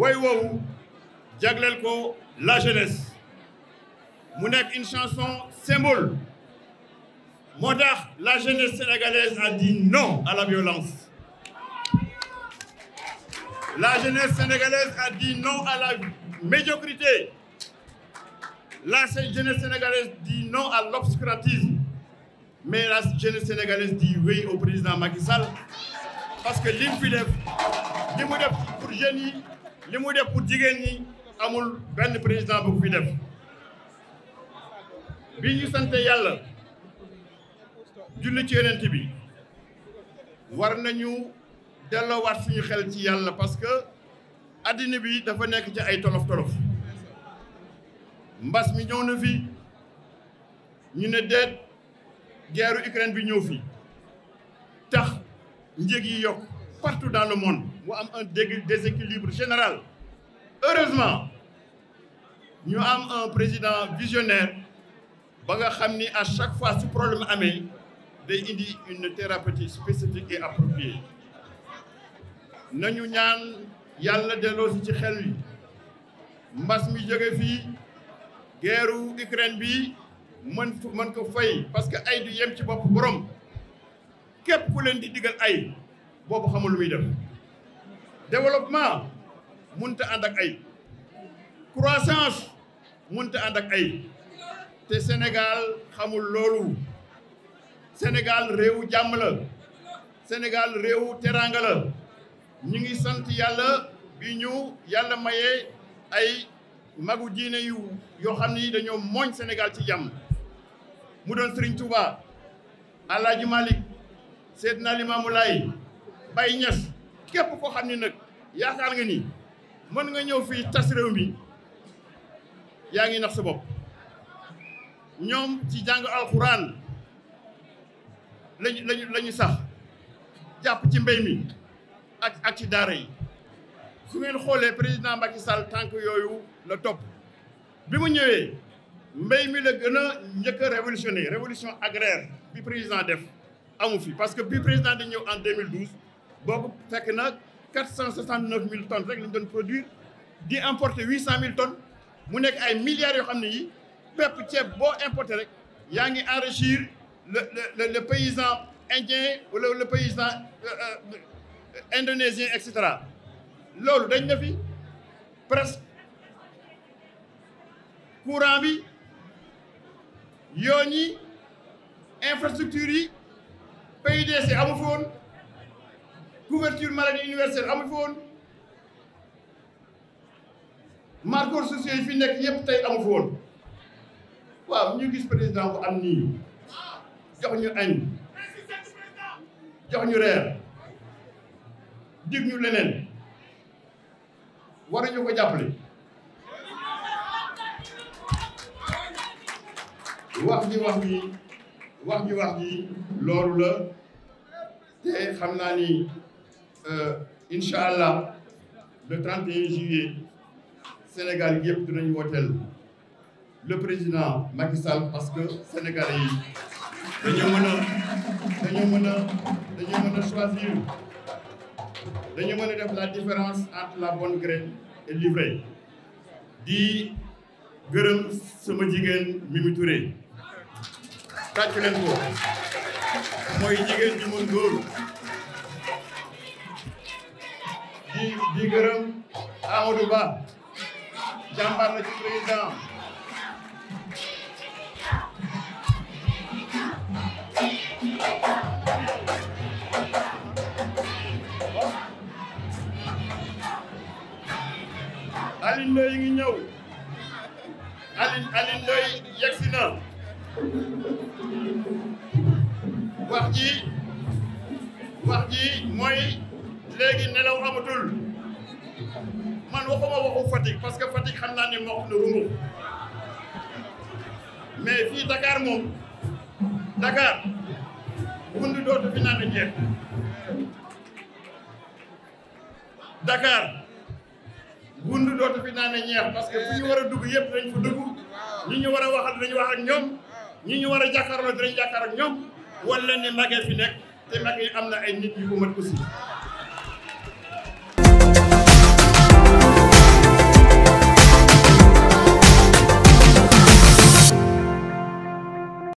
way woowu jagleel ko la jeunesse mu nekk une chanson symbole moo la jeunesse sénégalaise a dit non à la violence la jeunesse sénégalaise a dit non à la médiocrité la jeunesse sénégalaise dit non à l'obscurantisme mais la jeunesse sénégalaise dit oui au président Macky parce que li mu mu def pour jeunes li mu def pour jigéen ñi amul benn président bu fi def bi ñu sante yàlla julli ci yonent bi war nañu delloowaat suñu xel ci yàlla parce que addina bi dafa nekk ci ay tolof tolof mbas mi ñëw na fi ñu ne deet guerru Ukraine bi ñëw fi tax njëg yi yokk partout dans le monde mu am un déséquilibre général heureusement ñu am un président visionnaire ba nga xam ni à chaque fois su problème amee day indi une thérapeutique spécifique et appropriée nañu ñaan yàlla delloo si ci xel yi mbas mi jóge fi guerru Ukraine bi mën mën ko fay parce que ay du yem ci bopp borom képp ku leen di diggal ay boobu xamul lu muy def développement mënut a ay croissance mënut a ànd ak ay te Sénégal xamul loolu Sénégal réewu jàmm la Sénégal réewu teraanga ñu ngi sant yàlla bi ñu yàlla mayee ay magu diine yu yoo xam ni dañoo mooñ Sénégal ci jàmm mu doon Serigne Touba Alaaji Malick Seydina Limaamu Laay Baye Niass képp koo xam ne nag yaakaar nga ni mën nga ñëw fii tas réew mi yaa ngi nax sa bopp ñoom ci jàng alxuraan lañu lañu sax jàpp ci mbey mi ak ak ci daara yi su ngeen xoolee président Macky Sall tànk yooyu la topp bi mu ñëwee mbéy mi la gën a njëkk a révolutionné révolution agraire bi président def amu fi parce que bi président di ñëw en 2012 boobu fekk na quatre cent soixante neuf mille tonnes rek lañ doon produire di importer huit cent mille mu nekk ay milliards yoo xam ne yi bépp ceeb boo importer rek yaa ngi enrichir le la le paysan indien wala le paysan euh, euh, indonésien et cetera loolu dañ na fi presque courant bi yoo yi infrastructure yi PUDC amu fi woon couverture maladie universelle amu fi woon marqueurs sociaux yi fi nekk yëpp tey amu fi woon waaw ñu gis président bu am ni jox ñu añ jox ñu reer dig ñu leneen waruñu ko jàppale wax ji wax ji wax ji loolu la te xam naa ni Euh, incha allah le 31 juillet Sénégal yëpp dinañu wooteel le président Macky parce que sénégalais yi dañoo mën a choisir dañoo def la différence entre la bonne graine et l'ivraie di gërëm sama jigéen Mimi Touré tàccu leen mooy jigéen ji mën góor di gërëm Amadou Ba jàmbaar la ci président Alioune Ndoye yi ngi ñëw Alioune yegsi na wax ji wax ji mooy léegi nelaw amatul man waxuma waxu Fatick parce que Fatick xam naa ne moo ne rumo mais fii Dakar moom Dakar wund dootu fi naan jeex Dakar wund dootu fi naan ñeex parce que fu ñu war a dugg yëpp dañ fa dugg ñi ñu war a waxal dañu wax ak ñoom ñu ñu war a jàkkaarloo dinañ jàkkaar ak ñoom wala ne magee fi nekk te mag yi am na ay nit yu ko mën aussi